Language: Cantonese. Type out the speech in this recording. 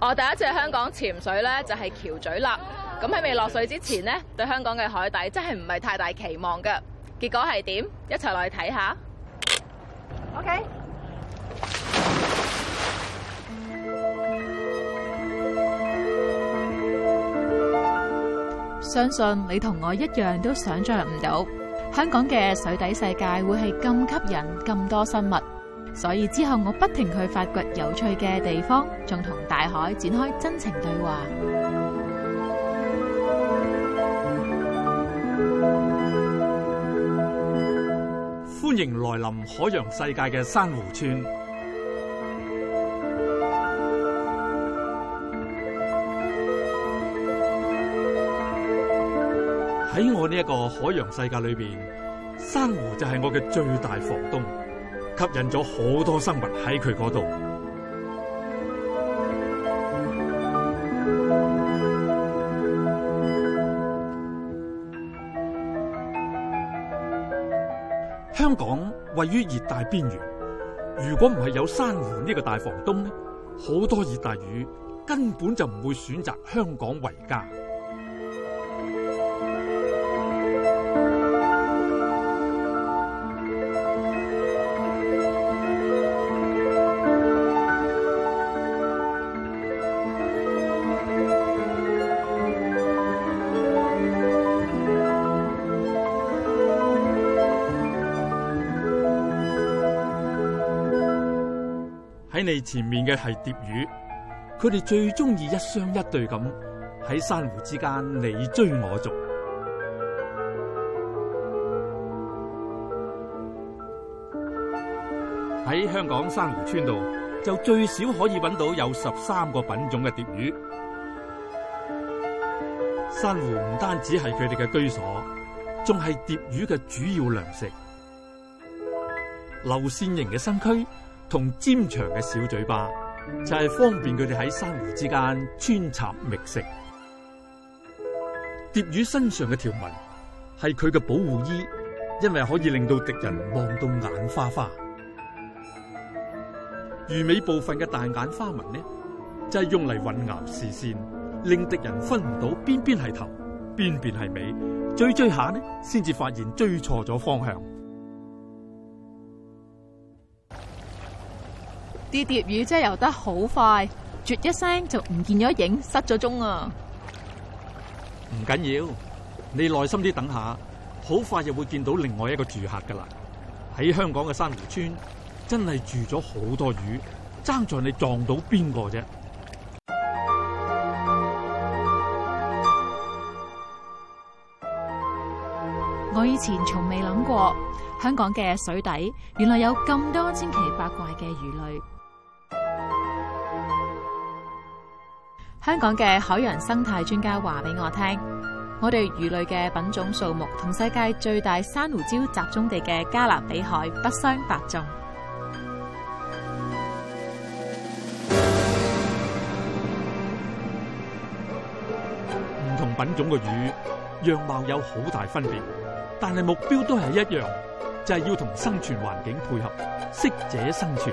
我第一次香港潛水咧，就係橋咀啦。咁喺未落水之前呢，對香港嘅海底真係唔係太大期望嘅。結果係點？一齊落去睇下。OK。相信你同我一樣都想象唔到，香港嘅水底世界會係咁吸引咁多生物。所以之後我不停去發掘有趣嘅地方，仲同大海展開真情對話。歡迎來臨海洋世界嘅珊瑚村。喺我呢一個海洋世界裏邊，珊瑚就係我嘅最大房東。吸引咗好多生物喺佢嗰度。香港位於熱帶邊緣，如果唔係有珊瑚呢個大房東呢，好多熱帶魚根本就唔會選擇香港為家。喺你前面嘅係蝶魚，佢哋最中意一雙一對咁喺珊瑚之間你追我逐。喺香港珊瑚村度，就最少可以揾到有十三個品種嘅蝶魚。珊瑚唔單止係佢哋嘅居所，仲係蝶魚嘅主要糧食。流線型嘅身軀。同尖長嘅小嘴巴，就係方便佢哋喺珊瑚之間穿插覓食。蝶魚身上嘅條紋係佢嘅保護衣，因為可以令到敵人望到眼花花。魚尾部分嘅大眼花紋呢，就係用嚟混淆視線，令敵人分唔到邊邊係頭，邊邊係尾，追追下呢，先至發現追錯咗方向。啲蝶魚真係游得好快，啜一聲就唔見咗影，失咗蹤啊！唔緊要，你耐心啲等下，好快就會見到另外一個住客噶啦。喺香港嘅珊瑚村，真係住咗好多魚，爭在你撞到邊個啫！我以前從未諗過，香港嘅水底原來有咁多千奇百怪嘅魚類。香港嘅海洋生態專家話俾我聽，我哋魚類嘅品種數目同世界最大珊瑚礁集中地嘅加勒比海不相伯仲。唔同品種嘅魚樣貌有好大分別，但係目標都係一樣，就係要同生存環境配合，適者生存。